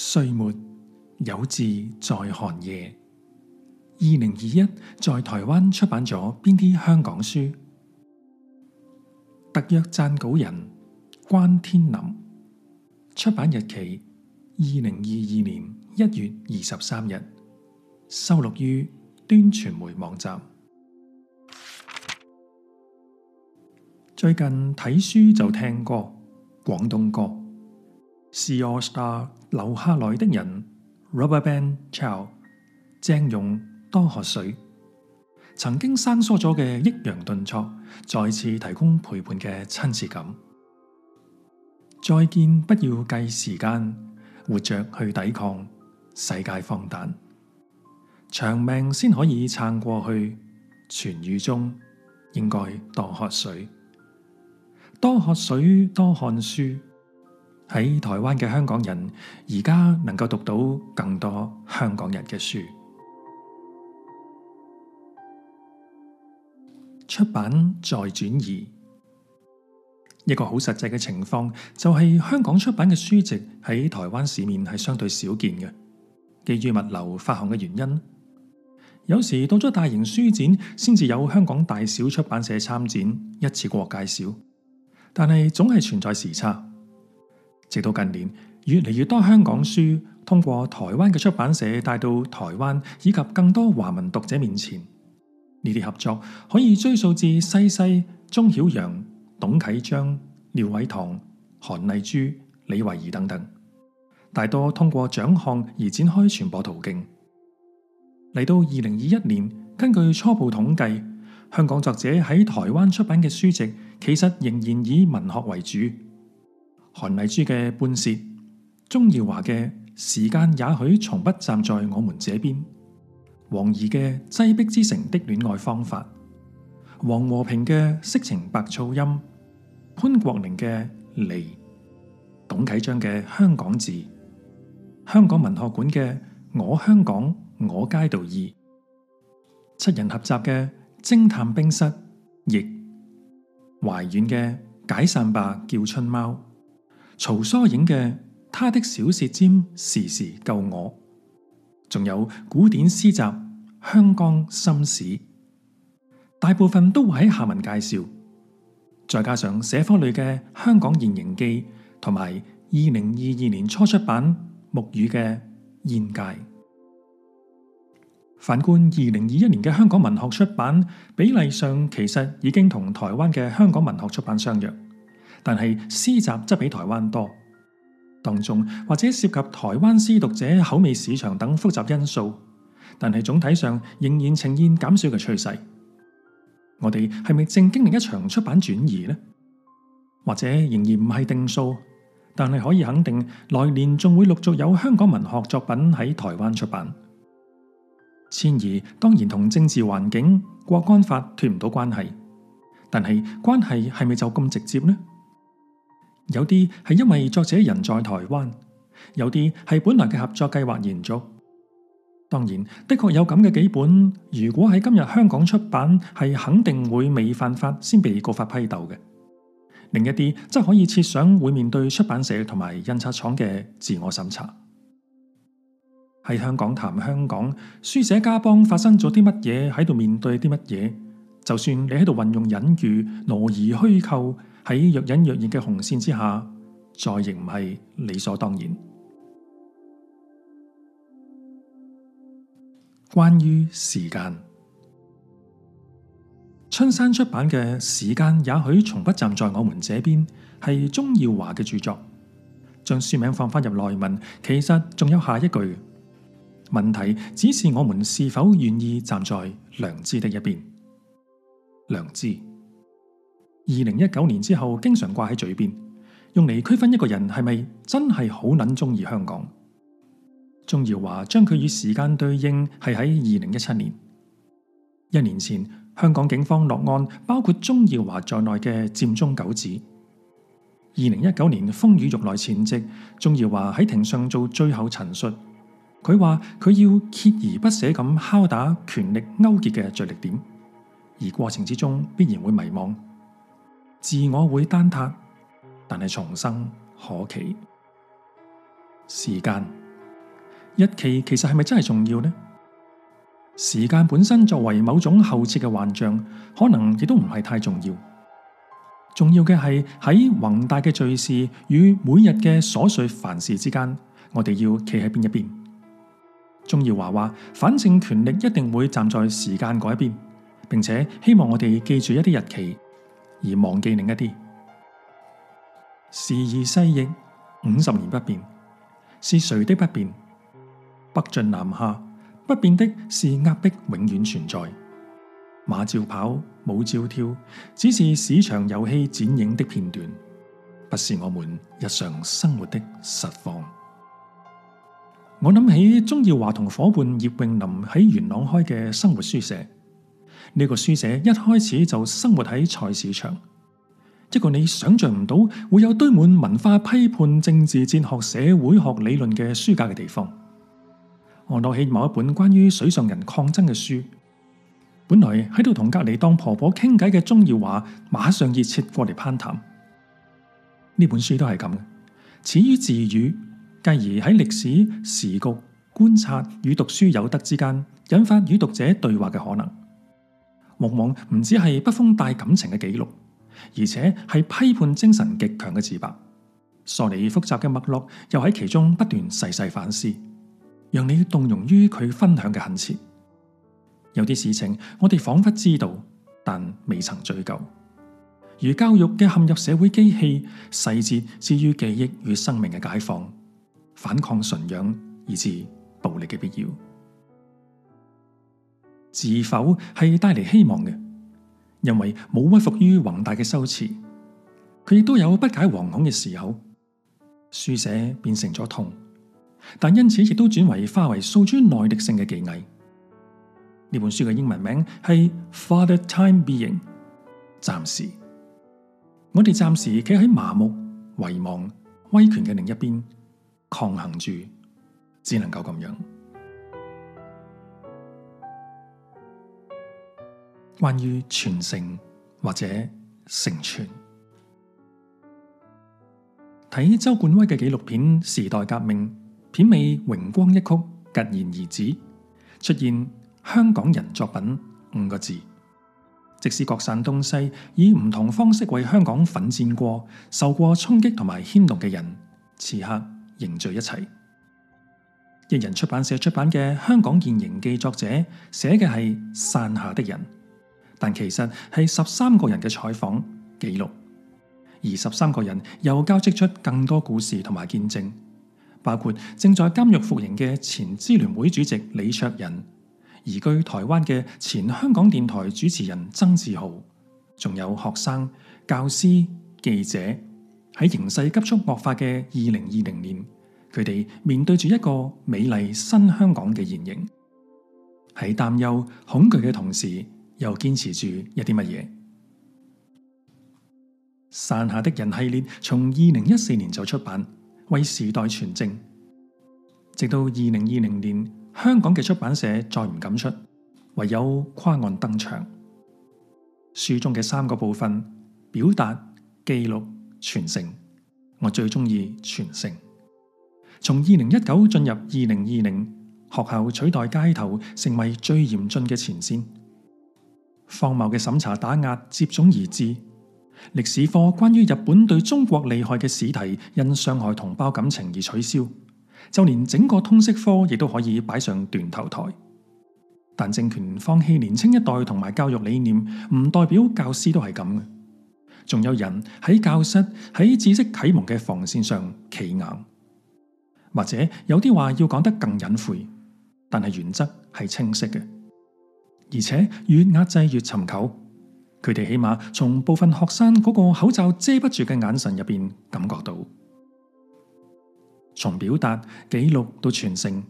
歲末，有字在寒夜，二零二一在台灣出版咗邊啲香港書？特約撰稿人關天林，出版日期二零二二年一月二十三日，收錄於端傳媒網站。最近睇書就聽歌，廣東歌，C AllStar。留下來的人 RubberBand Chow 鄭融多喝水。曾經生疏咗嘅抑揚頓挫，再次提供陪伴嘅親切感。再見，不要計時間，活着去抵抗世界放膽。長命先可以撐過去，痊癒中應該多喝水，多喝水，多看書。喺台灣嘅香港人，而家能夠讀到更多香港人嘅書，出版再轉移。一個好實際嘅情況就係香港出版嘅書籍喺台灣市面係相對少見嘅，基於物流發行嘅原因，有時到咗大型書展先至有香港大小出版社參展一次過介紹，但係總係存在時差。直到近年，越嚟越多香港書通過台灣嘅出版社帶到台灣以及更多華文讀者面前。呢啲合作可以追溯至西西、鍾曉陽、董啟章、廖偉棠、韓麗珠、李維怡等等，大多通過獎項而展開傳播途徑。嚟到二零二一年，根據初步統計，香港作者喺台灣出版嘅書籍，其實仍然以文學為主。韓麗珠嘅《半蝕》，鍾耀華嘅《時間也許從不站在我們這邊》，黃怡嘅《擠逼之城》的戀愛方法，王和平嘅《色情白噪音》，潘國寧嘅《離》，董啟章嘅《香港字》，香港文學館嘅《我香港我街道二》，七人合集嘅《偵探冰室·疫》，淮遠嘅《解散吧叫春貓》。曹疏影嘅《她的小舌尖時時救我》，仲有古典詩集《香江心史》，大部分都會喺下文介紹。再加上社科類嘅《香港現形記》同埋二零二二年初出版木語嘅《現界》。反觀二零二一年嘅香港文學出版比例上，其實已經同台灣嘅香港文學出版相約。但係詩集則比台灣多，當中或者涉及台灣詩讀者口味、市場等複雜因素，但係總體上仍然呈現減少嘅趨勢。我哋係咪正經歷一場出版轉移呢？或者仍然唔係定數，但係可以肯定，來年仲會陸續有香港文學作品喺台灣出版。遷移當然同政治環境、國安法脫唔到關係，但係關係係咪就咁直接呢？有啲係因為作者人在台灣，有啲係本來嘅合作計劃延續。當然，的確有咁嘅幾本，如果喺今日香港出版，係肯定會未犯法先被告發批鬥嘅。另一啲則可以設想會面對出版社同埋印刷廠嘅自我審查。喺香港談香港，書寫家邦發生咗啲乜嘢，喺度面對啲乜嘢？就算你喺度運用隱喻、挪移虛構。喺若隱若現嘅紅線之下，再亦唔係理所當然。關於時間，春山出版嘅《時間也許從不站在我們這邊》，係鍾耀華嘅著作。將書名放翻入內文，其實仲有下一句：問題只是我們是否願意站在良知的一邊。良知。二零一九年之後，經常掛喺嘴邊，用嚟區分一個人係咪真係好捻中意香港。鍾耀華將佢與時間對應係喺二零一七年，一年前香港警方落案，包括鍾耀華在內嘅佔中九子。二零一九年風雨欲來前夕，鍾耀華喺庭上做最後陳述，佢話佢要鍥而不捨咁敲打權力勾結嘅着力點，而過程之中必然會迷惘。自我會坍塌，但係重生可期。時間、日期其實係咪真係重要呢？時間本身作為某種後設嘅幻象，可能亦都唔係太重要。重要嘅係喺宏大嘅敘事與每日嘅瑣碎凡事之間，我哋要企喺邊一邊。鍾耀華話：反正權力一定會站在時間嗰一邊，並且希望我哋記住一啲日期。而忘記另一啲，時移世易，五十年不變，是誰的不變？北進南下，不變的是壓迫永遠存在。馬照跑，舞照跳，只是市場遊戲剪影的片段，不是我們日常生活的實況。我諗起鍾耀華同夥伴葉泳琳喺元朗開嘅生活書社。呢個書社一開始就生活喺菜市場，一個你想象唔到會有堆滿文化批判、政治哲學、社會學理論嘅書架嘅地方。我攞起某一本關於水上人抗爭嘅書，本來喺度同隔離當婆婆傾偈嘅鍾耀華，馬上熱切過嚟攀談。呢本書都係咁，始於自語，繼而喺歷史時局觀察與讀書有得之間，引發與讀者對話嘅可能。往往唔止係筆鋒帶感情嘅記錄，而且係批判精神極強嘅自白。梳理複雜嘅脈絡，又喺其中不斷細細反思，讓你動容於佢分享嘅懇切。有啲事情我哋仿佛知道，但未曾追究。而教育嘅陷入社會機器，細節至於記憶與生命嘅解放，反抗馴養以至暴力嘅必要。自否係帶嚟希望嘅，因為冇屈服於宏大嘅羞恥。佢亦都有不解惶恐嘅時候，書寫變成咗痛，但因此亦都轉為化為數專耐力性嘅技藝。呢本書嘅英文名係《Father Time Being》，暫時，我哋暫時企喺麻木、遺忘、威權嘅另一邊，抗衡住，只能夠咁樣。關於傳承或者承傳，睇周冠威嘅紀錄片《時代革命》，片尾榮光一曲戛然而止，出現香港人作品五個字。即使各散東西，以唔同方式為香港奮戰過、受過衝擊同埋牽動嘅人，此刻凝聚一齊。一人出版社出版嘅《香港現形記》，作者寫嘅係散下的人。但其實係十三個人嘅採訪記錄，而十三個人又交織出更多故事同埋見證，包括正在監獄服刑嘅前支聯會主席李卓人，移居台灣嘅前香港電台主持人曾志豪，仲有學生、教師、記者，喺形勢急速惡化嘅二零二零年，佢哋面對住一個美麗新香港嘅現形，喺擔憂、恐懼嘅同時。又堅持住一啲乜嘢？散下的人系列從二零一四年就出版，為時代存證，直到二零二零年，香港嘅出版社再唔敢出，唯有跨岸登場。書中嘅三個部分，表達、記錄、傳承。我最中意傳承。從二零一九進入二零二零，學校取代街頭，成為最嚴峻嘅前線。荒謬嘅審查打壓接踵而至，歷史課關於日本對中國利害嘅試題因傷害同胞感情而取消，就連整個通識科亦都可以擺上斷頭台。但政權放棄年青一代同埋教育理念，唔代表教師都係咁嘅。仲有人喺教室、喺知識啟蒙嘅防線上企硬，或者有啲話要講得更隱晦，但係原則係清晰嘅。而且越壓制越尋求，佢哋起碼從部分學生嗰個口罩遮不住嘅眼神入邊感覺到，從表達、記錄到傳承，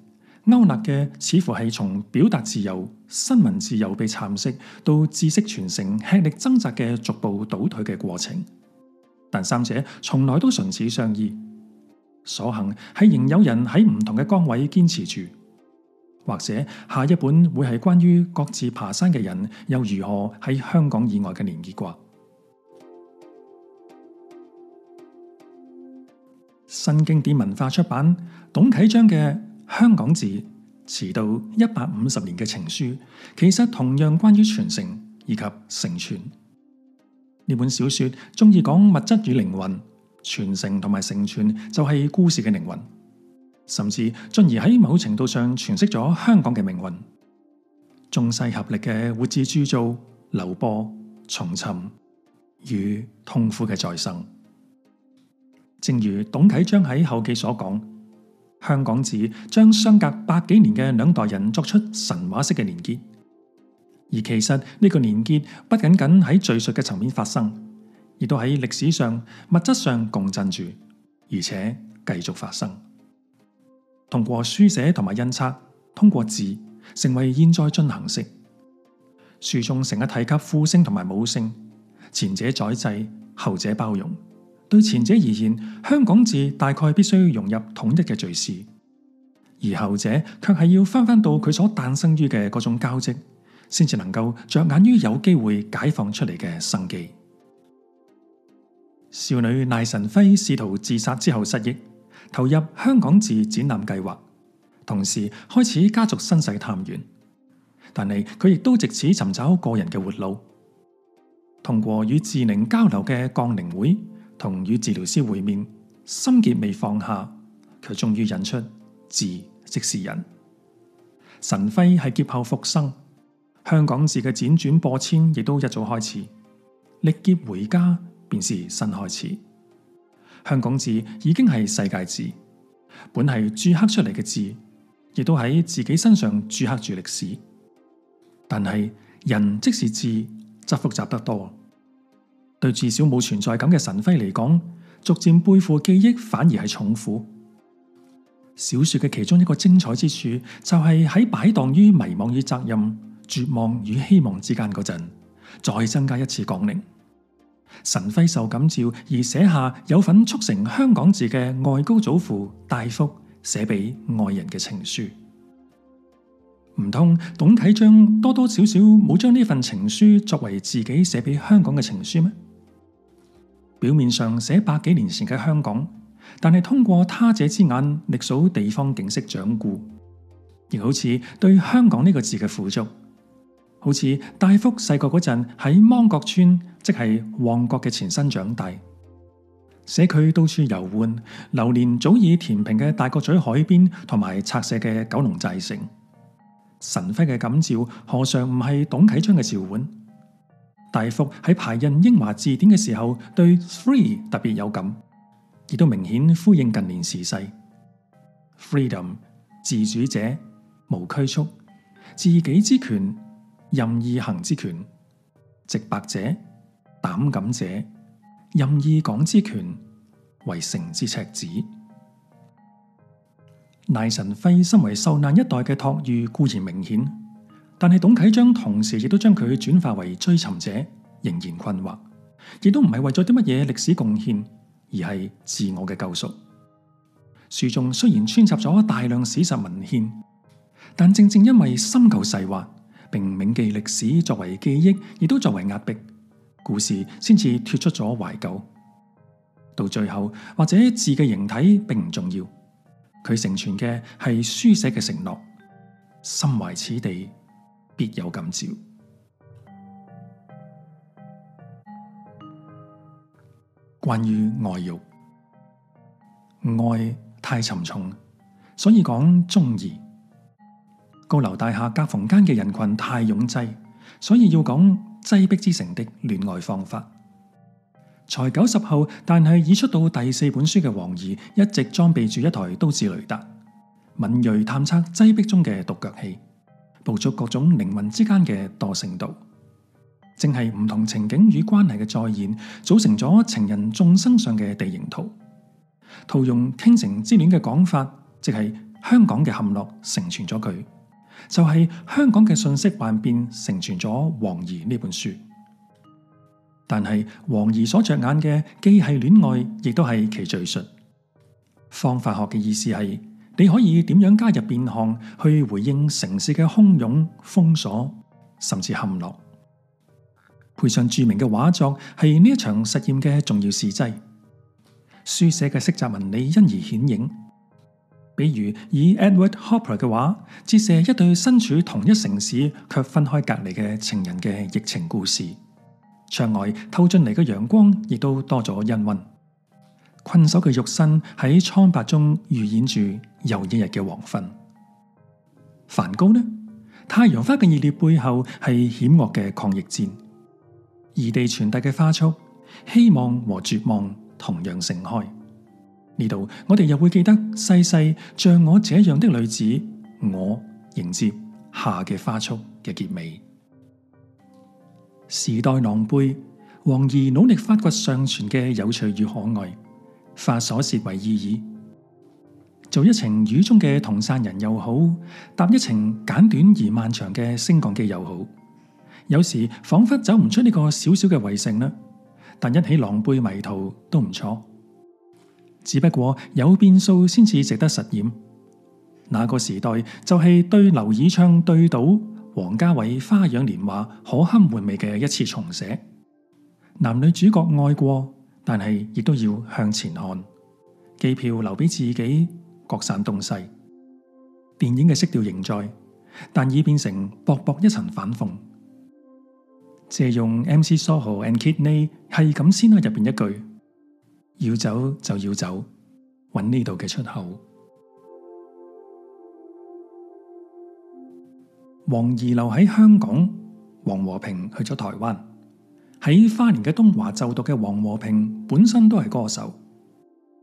勾勒嘅似乎係從表達自由、新聞自由被蠶食到知識傳承吃力掙扎嘅逐步倒退嘅過程。但三者從來都唇齒相依，所幸係仍有人喺唔同嘅崗位堅持住。或者下一本會係關於各自爬山嘅人又如何喺香港以外嘅連接啩？新經典文化出版董啟章嘅《香港字》遲到一百五十年嘅情書，其實同樣關於傳承以及成傳。呢本小說中意講物質與靈魂傳承同埋成傳，就係故事嘅靈魂。甚至進而喺某程度上詮釋咗香港嘅命運，中西合力嘅活字鑄造、流播、重尋與痛苦嘅再生。正如董啟章喺後記所講，香港字將相隔百幾年嘅兩代人作出神話式嘅連結。而其實呢個連結不僅僅喺敘述嘅層面發生，亦都喺歷史上物質上共振住，而且繼續發生。通過書寫同埋印刷，通過字成為現在進行式。書中成日提及父性同埋母性，前者宰制，後者包容。對前者而言，香港字大概必須要融入統一嘅敘事；而後者卻係要翻翻到佢所誕生於嘅嗰種交織，先至能夠着眼於有機會解放出嚟嘅生機。少女賴神輝試圖自殺之後失憶。投入香港字展覽計劃，同時開始家族身世探源。但係佢亦都借此尋找個人嘅活路，通過與智靈交流嘅降靈會，同與治療師會面，心結未放下，佢仲要引出字即是人，神輝係劫後復生。香港字嘅輾轉播遷亦都一早開始，歷劫回家便是新開始。香港字已經係世界字，本係鑄刻出嚟嘅字，亦都喺自己身上鑄刻住歷史。但係人即是字，則複雜得多。對至少冇存在感嘅神輝嚟講，逐漸背負記憶反而係重負。小說嘅其中一個精彩之處，就係喺擺盪於迷惘與責任、絕望與希望之間嗰陣，再增加一次角力。神輝受感召而寫下有份促成香港字嘅外高祖父戴福寫俾愛人嘅情書，唔通董啟章多多少少冇將呢份情書作為自己寫俾香港嘅情書咩？表面上寫百幾年前嘅香港，但係通過他者之眼歷數地方景色掌故，亦好似對香港呢個字嘅輔助。好似大福細個嗰陣喺芒角村，即係旺角嘅前身長大，社區到處遊玩流連早已填平嘅大角咀海邊，同埋拆卸嘅九龍寨城神輝嘅感召，何嘗唔係董啟章嘅召喚？大福喺排印《英華字典》嘅時候對，對 free 特別有感，亦都明顯呼應近年時勢 freedom 自主者，無拘束，自己之權。任意行之權，直白者膽敢者；任意講之權，為成之赤子。賴神輝身為受難一代嘅託喻固然明顯，但係董啟章同時亦都將佢轉化為追尋者，仍然困惑，亦都唔係為咗啲乜嘢歷史貢獻，而係自我嘅救贖。書中雖然穿插咗大量史實文獻，但正正因為深究細畫。並銘記歷史作為記憶，亦都作為壓迫，故事先至脱出咗懷舊。到最後，或者字嘅形體並唔重要，佢成全嘅係書寫嘅承諾。心懷此地，必有感召。關於愛慾，愛太沉重，所以講鍾意。高樓大廈夾縫間嘅人群太擁擠，所以要講擠逼之城的戀愛方法。才九十後，但係已出到第四本書嘅黃怡一直裝備住一台都市雷達，敏銳探測擠逼中嘅獨腳戲，捕捉各種靈魂之間嘅惰性度，正係唔同情景與關係嘅再現，組成咗情人眾生上嘅地形圖。圖用傾城之戀嘅講法，即係香港嘅陷落，成全咗佢。就係香港嘅信息萬變，成全咗黃怡呢本書。但係黃怡所着眼嘅既係戀愛，亦都係其敘述方法學嘅意思係，你可以點樣加入變項去回應城市嘅洶湧封鎖，甚至陷落？配上著名嘅畫作，係呢一場實驗嘅重要試劑。書寫嘅色澤紋理因而顯影。比如以 Edward Hopper 嘅畫，折射一對身處同一城市卻分開隔離嘅情人嘅疫情故事。窗外透進嚟嘅陽光，亦都多咗氤氳。困守嘅肉身喺蒼白中預演住又一日嘅黃昏。梵高呢？太陽花嘅熱烈背後係險惡嘅抗疫戰。異地傳遞嘅花束，希望和絕望同樣盛開。呢度，我哋又會記得西西像我這樣的女子，我迎接下嘅花束嘅結尾。時代狼狽，黃怡努力發掘上傳嘅有趣與可愛，化瑣屑為意義。做一程雨中嘅同傘人又好，搭一程簡短而漫長嘅升降機又好。有時仿佛走唔出呢個小小嘅圍城啦，但一起狼狽迷途都唔錯。只不過有變數，先至值得實驗。那個時代就係對劉以鬯對倒，王家衛花樣年華可堪回味嘅一次重寫。男女主角愛過，但係亦都要向前看。機票留俾自己，各散東西。電影嘅色調仍在，但已變成薄薄一層反諷。借用 M C Soho and Kidney 係咁先喺入邊一句。要走就要走，搵呢度嘅出口。黃怡留喺香港，王和平去咗台灣。喺花蓮嘅東華就讀嘅王和平，本身都係歌手，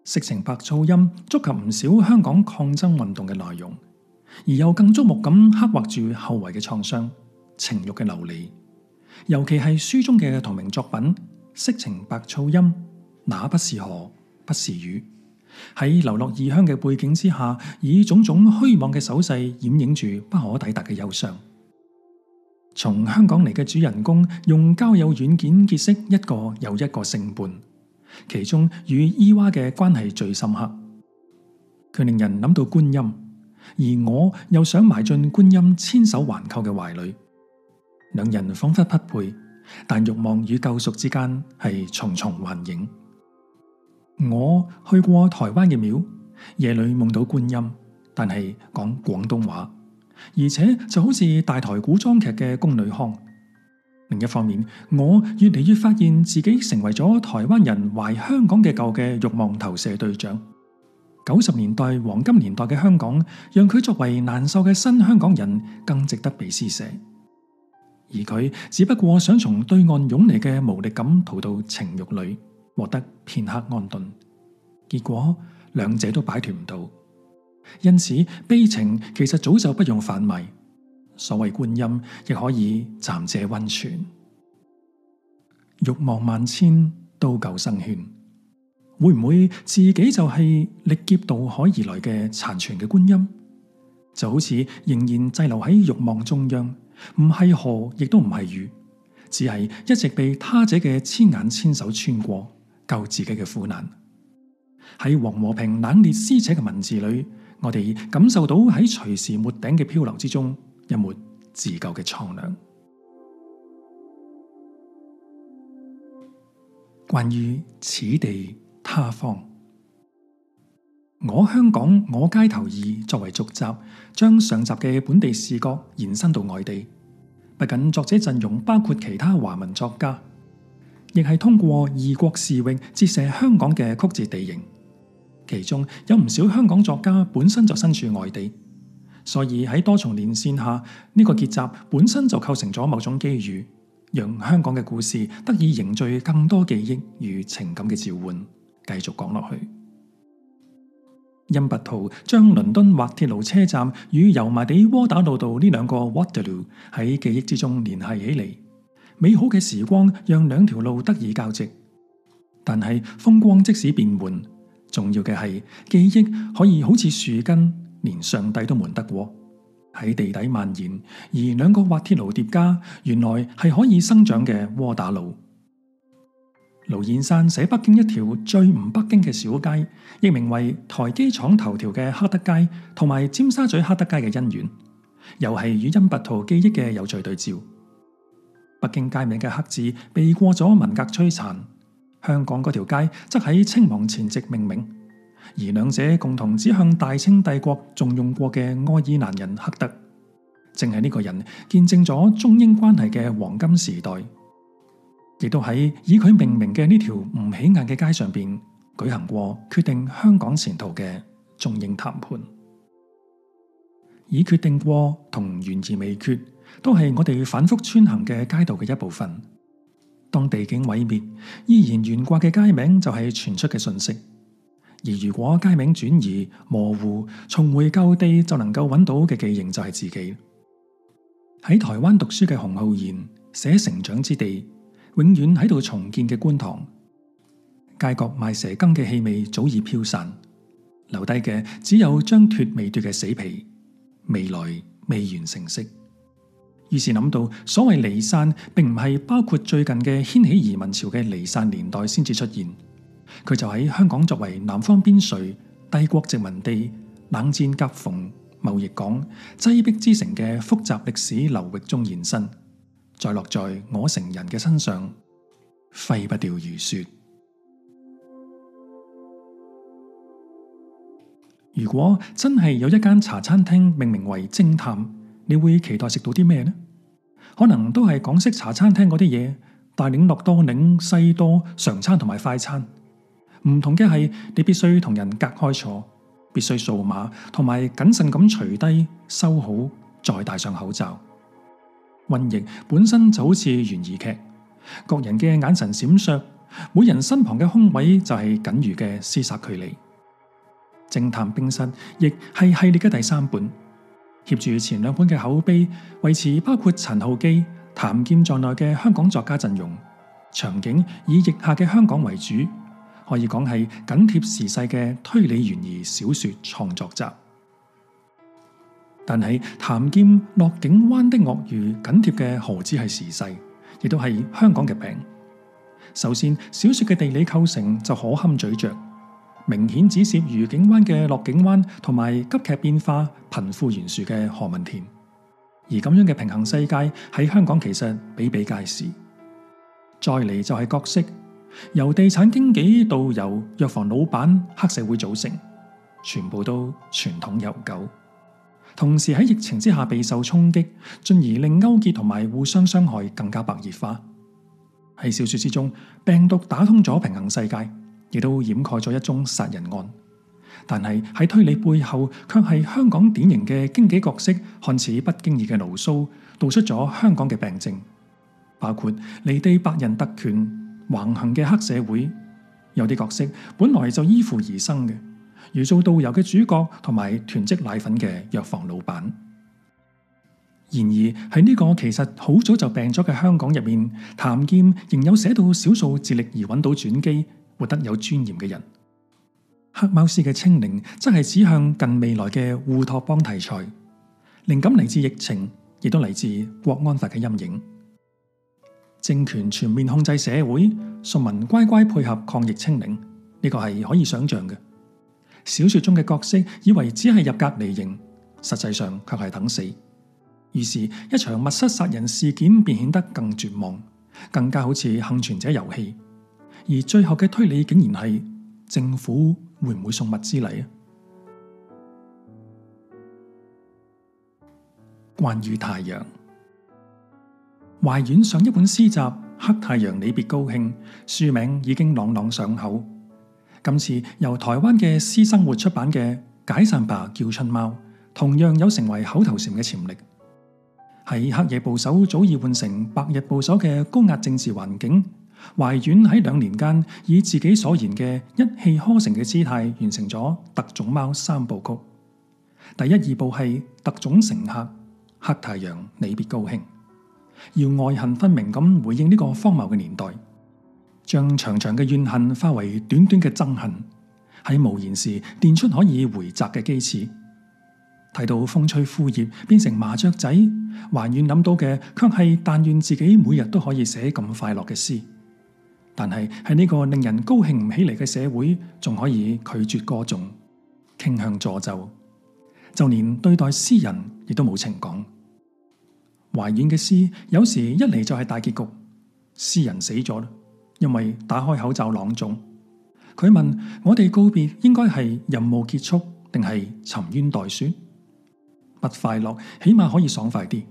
色情白噪音觸及唔少香港抗爭運動嘅內容，而又更矚目咁刻畫住後遺嘅創傷、情欲嘅流離。尤其係書中嘅同名作品《色情白噪音》。那不是河，不是雨。喺流落異鄉嘅背景之下，以種種虛妄嘅手勢掩映住不可抵達嘅憂傷。從香港嚟嘅主人公用交友軟件結識一個又一個性伴，其中與伊娃嘅關係最深刻。佢令人諗到觀音，而我又想埋進觀音千手環扣嘅懷裏。兩人仿佛匹配，但欲望與救贖之間係重重幻影。我去過台灣嘅廟，夜裏夢到觀音，但係講廣東話，而且就好似大台古裝劇嘅宮女腔。另一方面，我越嚟越發現自己成為咗台灣人懷香港嘅舊嘅欲望投射對象。九十年代黃金年代嘅香港，讓佢作為難受嘅新香港人更值得被施捨。而佢只不過想從對岸湧嚟嘅無力感逃到情欲裏。獲得片刻安頓，結果兩者都擺脫唔到，因此悲情其實早就不用犯迷。所謂觀音亦可以暫借温泉，欲望萬千都救生圈。會唔會自己就係歷劫渡海而來嘅殘存嘅觀音？就好似仍然滯留喺欲望中央，唔係河亦都唔係雨，只係一直被他者嘅千眼千手穿過。救自己嘅苦難，喺王和平冷冽撕扯嘅文字裏，我哋感受到喺隨時沒頂嘅漂流之中，一抹自救嘅蒼涼。關於此地他方，我香港我街道二作為續集，將上集嘅本地視角延伸到外地，不僅作者陣容包括其他華文作家。亦係通過異國視域折射香港嘅曲折地形，其中有唔少香港作家本身就身處外地，所以喺多重連線下，呢個結集本身就構成咗某種機遇，讓香港嘅故事得以凝聚更多記憶與情感嘅召喚，繼續講落去。甄拔濤將倫敦滑鐵盧車站與油麻地窩打老道呢兩個 Waterloo 喺記憶之中聯繫起嚟。美好嘅時光讓兩條路得以交織，但係風光即使變換，重要嘅係記憶可以好似樹根，連上帝都瞞得過喺地底蔓延。而兩個滑鐵盧疊加，原來係可以生長嘅窩打路。盧燕山寫北京一條最唔北京嘅小街，亦名為台基廠頭條嘅黑德街，同埋尖沙咀黑德街嘅恩怨，又係與因拔圖記憶嘅有趣對照。北京街名嘅黑字避過咗文革摧殘，香港嗰條街則喺清亡前夕命名，而兩者共同指向大清帝國重用過嘅愛爾蘭人赫德，正係呢個人見證咗中英關係嘅黃金時代，亦都喺以佢命名嘅呢條唔起眼嘅街上邊舉行過決定香港前途嘅中英談判，已決定過同懸而未決。都係我哋反覆穿行嘅街道嘅一部分。當地景毀滅，依然懸掛嘅街名就係傳出嘅訊息。而如果街名轉移模糊，重回舊地就能夠揾到嘅記認就係自己。喺台灣讀書嘅洪浩然寫成長之地，永遠喺度重建嘅觀塘街角賣蛇羹嘅氣味早已飄散，留低嘅只有將脫未脫嘅死皮，未來未完成式。於是諗到，所謂離散，並唔係包括最近嘅掀起移民潮嘅離散年代先至出現。佢就喺香港作為南方邊陲、帝國殖民地、冷戰夾縫、貿易港、擠迫之城嘅複雜歷史流域中延伸，再落在我成人嘅身上，揮不掉如雪。如果真係有一間茶餐廳，命名為偵探。你會期待食到啲咩呢？可能都係港式茶餐廳嗰啲嘢，大檸樂、多檸、西多、常餐同埋快餐。唔同嘅係，你必須同人隔開坐，必須掃碼，同埋謹慎咁除低、收好，再戴上口罩。瘟疫本身就好似懸疑劇，各人嘅眼神閃爍，每人身旁嘅空位就係僅餘嘅廝殺距離。《偵探冰室》亦係系列嘅第三本。挾住前兩本嘅口碑，維持包括陳浩基、譚劍在內嘅香港作家陣容，場景以腋下嘅香港為主，可以講係緊貼時勢嘅推理懸疑小說創作集。但係譚劍《落景灣的鱷魚》，緊貼嘅何止係時勢，亦都係香港嘅病。首先，小說嘅地理構成就可堪咀嚼。明顯指涉愉景灣嘅樂景灣同埋急劇變化貧富懸殊嘅何文田，而咁樣嘅平衡世界喺香港其實比比皆是。再嚟就係角色，由地產經紀到由藥房老闆黑社會組成，全部都傳統悠久，同時喺疫情之下備受衝擊，進而令勾結同埋互相傷害更加白熱化。喺小說之中，病毒打通咗平衡世界。亦都掩蓋咗一宗殺人案，但係喺推理背後，卻係香港典型嘅經紀角色，看似不經意嘅牢騷，道出咗香港嘅病症，包括離地白人特權橫行嘅黑社會，有啲角色本來就依附而生嘅，如做導遊嘅主角同埋囤積奶粉嘅藥房老闆。然而喺呢個其實好早就病咗嘅香港入面，譚劍仍有寫到少數自力而揾到轉機，活得有尊嚴嘅人，黑某氏嘅清零則係指向近未來嘅烏托邦題材，靈感嚟自疫情，亦都嚟自國安法嘅陰影。政權全面控制社會，順民乖乖配合抗疫清零，呢、這個係可以想象嘅。小說中嘅角色以為只係入隔離營，實際上卻係等死。於是，一場密室殺人事件便顯得更絕望，更加好似幸存者遊戲。而最後嘅推理竟然係政府會唔會送物資嚟？啊？關於太陽，淮遠上一本詩集《黑太陽》，你別高興，書名已經朗朗上口。今次由台灣嘅私生活出版嘅《解散吧，叫春貓》，同樣有成為口頭禪嘅潛力。喺黑夜部首早已換成白日部首嘅高壓政治環境。淮遠喺兩年間以自己所言嘅一氣呵成嘅姿態，完成咗《特種貓》三部曲。第一、二部係《特種乘客》《黑太陽》，你別高興，要愛恨分明咁回應呢個荒謬嘅年代，將長長嘅怨恨化為短短嘅憎恨，喺無言時練出可以回澤嘅機翅。睇到風吹枯葉變成麻雀仔，淮遠諗到嘅卻係但願自己每日都可以寫咁快樂嘅詩。但係喺呢個令人高興唔起嚟嘅社會，仲可以拒絕歌頌，傾向助咒，就連對待詩人亦都冇情講。淮遠嘅詩有時一嚟就係大結局，詩人死咗啦，因為打開口罩朗誦。佢問：我哋告別應該係任務結束，定係沉冤待雪？不快樂，起碼可以爽快啲。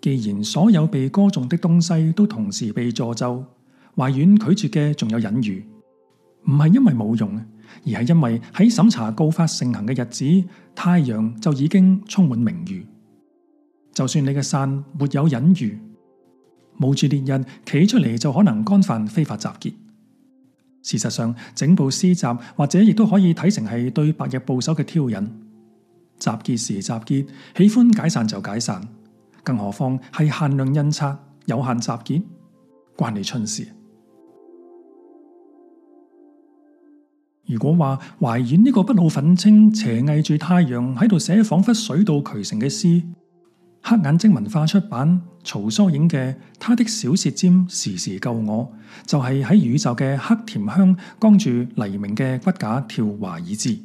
既然所有被歌頌的東西都同時被助咒。淮遠拒絕嘅仲有隱喻，唔係因為冇用，而係因為喺審查告發盛行嘅日子，太陽就已經充滿明喻。就算你嘅傘沒有隱喻，冒住烈日企出嚟就可能干犯非法集結。事實上，整部詩集或者亦都可以睇成係對白日暴首嘅挑釁。集結時集結，喜歡解散就解散，更何況係限量印刷、有限集結，關你春事？如果話淮遠呢個不老憤青，斜睨住太陽喺度寫，仿佛水到渠成嘅詩，黑眼睛文化出版曹疏影嘅《她的小舌尖時時救我》，就係、是、喺宇宙嘅黑甜香，光住黎明嘅骨架跳華爾茲。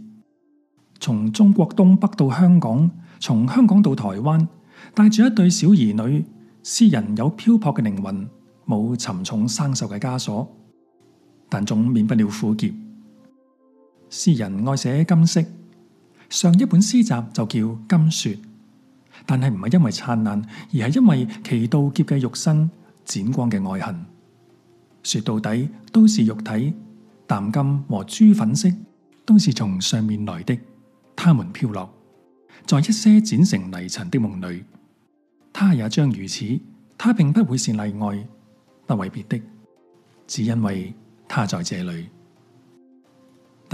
從中國東北到香港，從香港到台灣，帶住一對小兒女，詩人有漂泊嘅靈魂，冇沉重生受嘅枷鎖，但總免不了苦澀。詩人愛寫金色，上一本詩集就叫《金雪》，但係唔係因為燦爛，而係因為其盜劫嘅肉身展光嘅愛恨。說到底，都是肉體淡金和珠粉色，都是從上面來的。它們飄落在一些剪成泥塵的夢裏，它也將如此。它並不會是例外，不為別的，只因為它在這裏。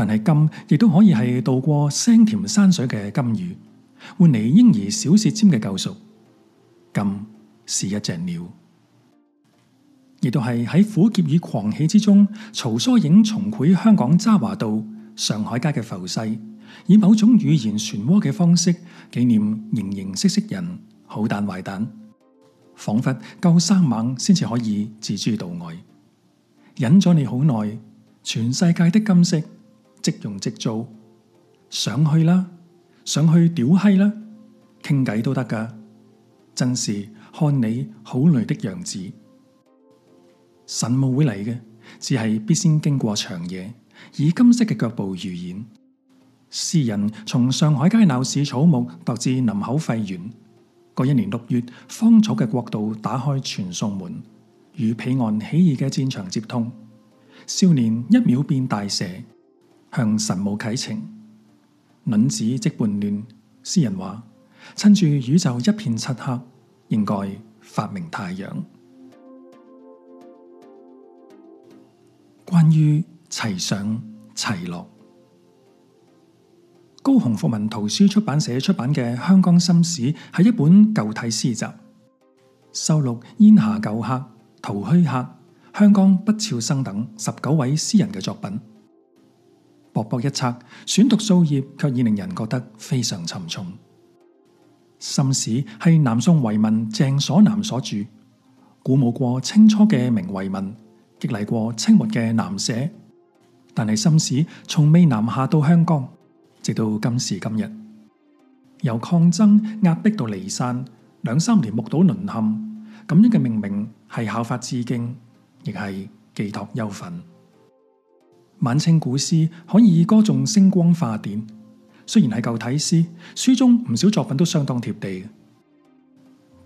但係金，亦都可以係渡過腥甜山水嘅金魚，換嚟嬰兒小舌尖嘅救贖。金是一隻鳥，亦都係喺苦澀與狂喜之中，曹疏影重繪香港渣華道、上海街嘅浮世，以某種語言漩渦嘅方式紀念形形色色人，好蛋壞蛋，仿佛夠生猛，先至可以置諸度外。忍咗你好耐，全世界的金色。即用即做，上去啦，上去屌閪啦，傾偈都得㗎。真是看你好累的樣子，神霧會嚟嘅，只係必先經過長夜，以金色嘅腳步預演。詩人從上海街鬧市草木踱至林口廢園，嗰一年六月，芳草嘅國度打開傳送門，與彼岸起義嘅戰場接通。少年一秒變大蛇。向神母啟程，卵子即叛亂。詩人話：趁住宇宙一片漆黑，應該發明太陽。關於齊上齊落，高雄復文圖書出版社出版嘅《香港心史》係一本舊體詩集，收錄煙霞舊客、圖虛客、香港不肖生等十九位詩人嘅作品。薄薄一冊，選讀數頁，卻已令人覺得非常沉重。《心史》係南宋遺民鄭所南所著，鼓舞過清初嘅明遺民，激勵過清末嘅南社，但係《心史》從未南下到香港，直到今時今日，由抗爭壓迫到離散，兩三年目睹淪陷，陷，咁樣嘅命名係效法致敬，亦係寄託憂憤。晚清古詩可以歌頌星光化典，雖然係舊體詩，書中唔少作品都相當貼地。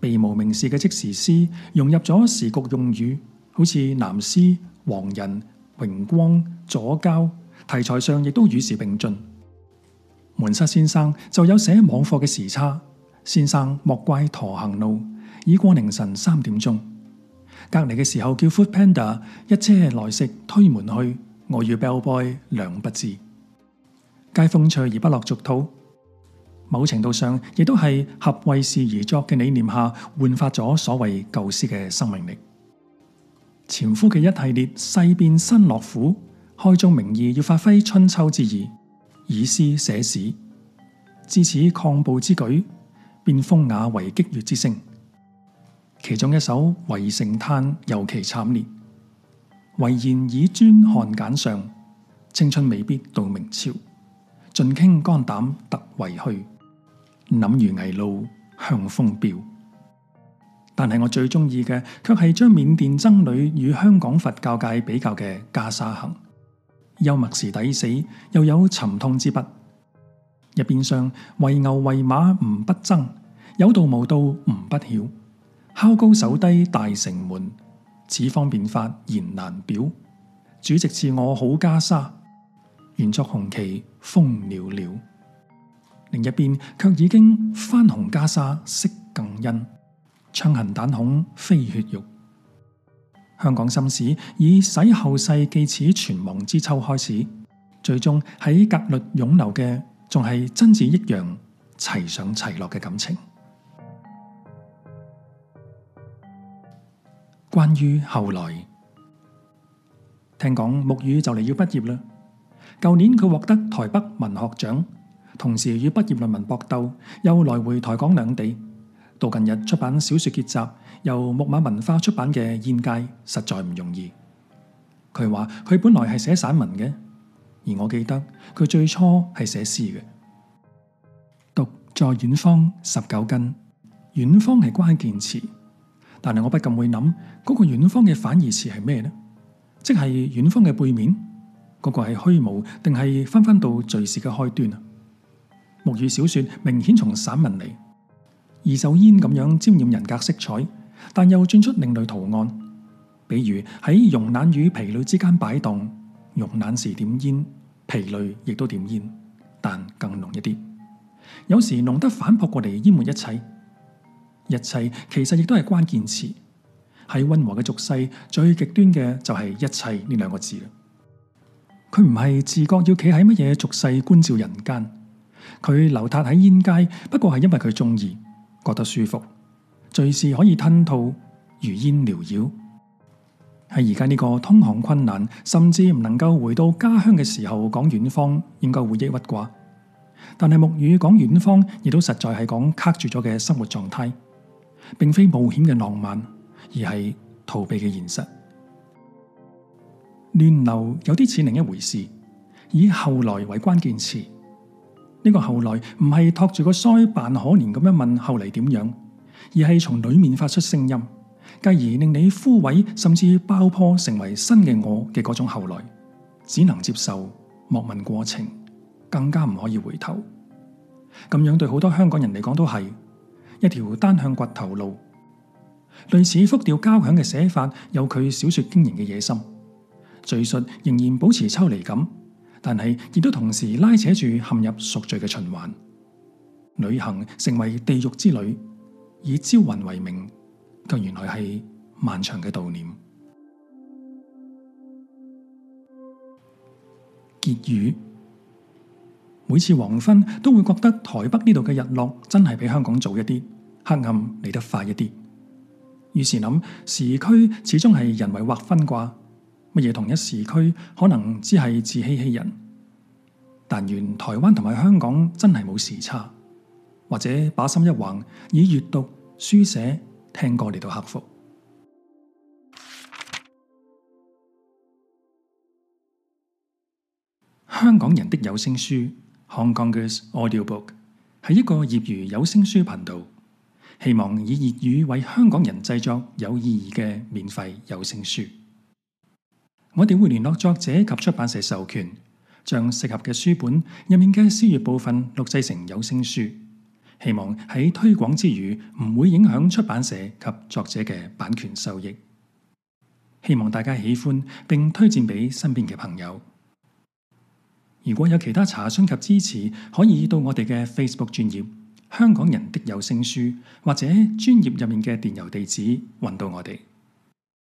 被無名氏嘅即時詩融入咗時局用語，好似南詩、黃人、榮光、左膠，題材上亦都與時並進。門室先生就有寫網課嘅時差，先生莫怪陀行路，已過凌晨三點鐘。隔籬嘅時候叫 Food Panda，一車來食，推門去，我與 bell boy 兩不知，皆風趣而不落俗套。某程度上，亦都係合為事而作嘅理念下，煥發咗所謂舊詩嘅生命力。前夫嘅一系列世變新樂府，開宗明義要發揮春秋之意，以詩寫史。至此抗暴之舉，變風雅為激越之聲。其中一首《圍城嘆》尤其慘烈。為言以專看簡上，青春未必到明朝。盡傾肝膽特為虛，諗如危路向風飆。但係我最中意嘅，卻係將緬甸僧侶與香港佛教界比較嘅《袈裟行》，幽默時抵死，又有沉痛之筆。入邊上為牛為馬唔不爭，有道無道唔不曉，敲高守低大城門。此方便法言難表，主席賜我好袈裟，原作紅旗風裊裊。另一邊卻已經翻紅袈裟色更殷，槍痕彈孔飛血肉。香港心史以洗後世記此存亡之秋開始，最終喺格律湧流嘅，仲係真摯一樣齊上齊落嘅感情。關於後來，聽講沐羽就嚟要畢業啦。舊年佢獲得台北文學獎，同時與畢業論文搏鬥，又來回台港兩地。到近日出版小說結集，由木馬文化出版嘅《煙街》，實在唔容易。佢話佢本來係寫散文嘅，而我記得佢最初係寫詩嘅。讀在遠方十九根，遠方係關鍵詞。但係我不禁會諗，嗰、那個遠方嘅反義詞係咩呢？即係遠方嘅背面，嗰、那個係虛無，定係翻返到敘事嘅開端啊？木語小說明顯從散文嚟，二手煙咁樣沾染人格色彩，但又轉出另類圖案。比如喺慵懶與疲累之間擺動，慵懶時點煙，疲累亦都點煙，但更濃一啲。有時濃得反撲過嚟，淹沒一切。一切其實亦都係關鍵詞，喺溫和嘅俗世最極端嘅就係、是、一切呢兩個字啦。佢唔係自覺要企喺乜嘢俗世觀照人間，佢流沓喺煙街，不過係因為佢中意，覺得舒服，隨時可以吞吐如煙繚繞。喺而家呢個通行困難，甚至唔能夠回到家鄉嘅時候講遠方，講遠方應該會抑鬱啩。但係木語講遠方，亦都實在係講卡住咗嘅生活狀態。並非冒險嘅浪漫，而係逃避嘅現實。亂流有啲似另一回事，以後來為關鍵詞。呢個後來唔係托住個腮扮可憐咁樣問後來點樣，而係從裏面發出聲音，繼而令你枯萎甚至爆破，成為新嘅我嘅嗰種後來。只能接受，莫問過程，更加唔可以回頭。咁樣對好多香港人嚟講都係。一條單向掘頭路，類似複調交響嘅寫法，有佢小說經營嘅野心。敘述仍然保持抽離感，但係亦都同時拉扯住陷入贖罪嘅循環。旅行成為地獄之旅，以招魂為名，卻原來係漫長嘅悼念。結語，每次黃昏都會覺得台北呢度嘅日落真係比香港早一啲。黑暗嚟得快一啲，於是諗時區始終係人為劃分啩，乜嘢同一時區可能只係自欺欺人。但願台灣同埋香港真係冇時差，或者把心一橫，以閱讀、書寫、聽歌嚟到克服。香港人的有聲書 （Hong Kongers Audio Book） 係一個業餘有聲書頻道。希望以粵語為香港人製作有意義嘅免費有聲書。我哋會聯絡作者及出版社授權，將適合嘅書本入面嘅書頁部分錄製成有聲書。希望喺推廣之餘，唔會影響出版社及作者嘅版權收益。希望大家喜歡，並推薦俾身邊嘅朋友。如果有其他查詢及支持，可以到我哋嘅 Facebook 專頁。香港人的有聲書，或者專業入面嘅電郵地址，搵到我哋。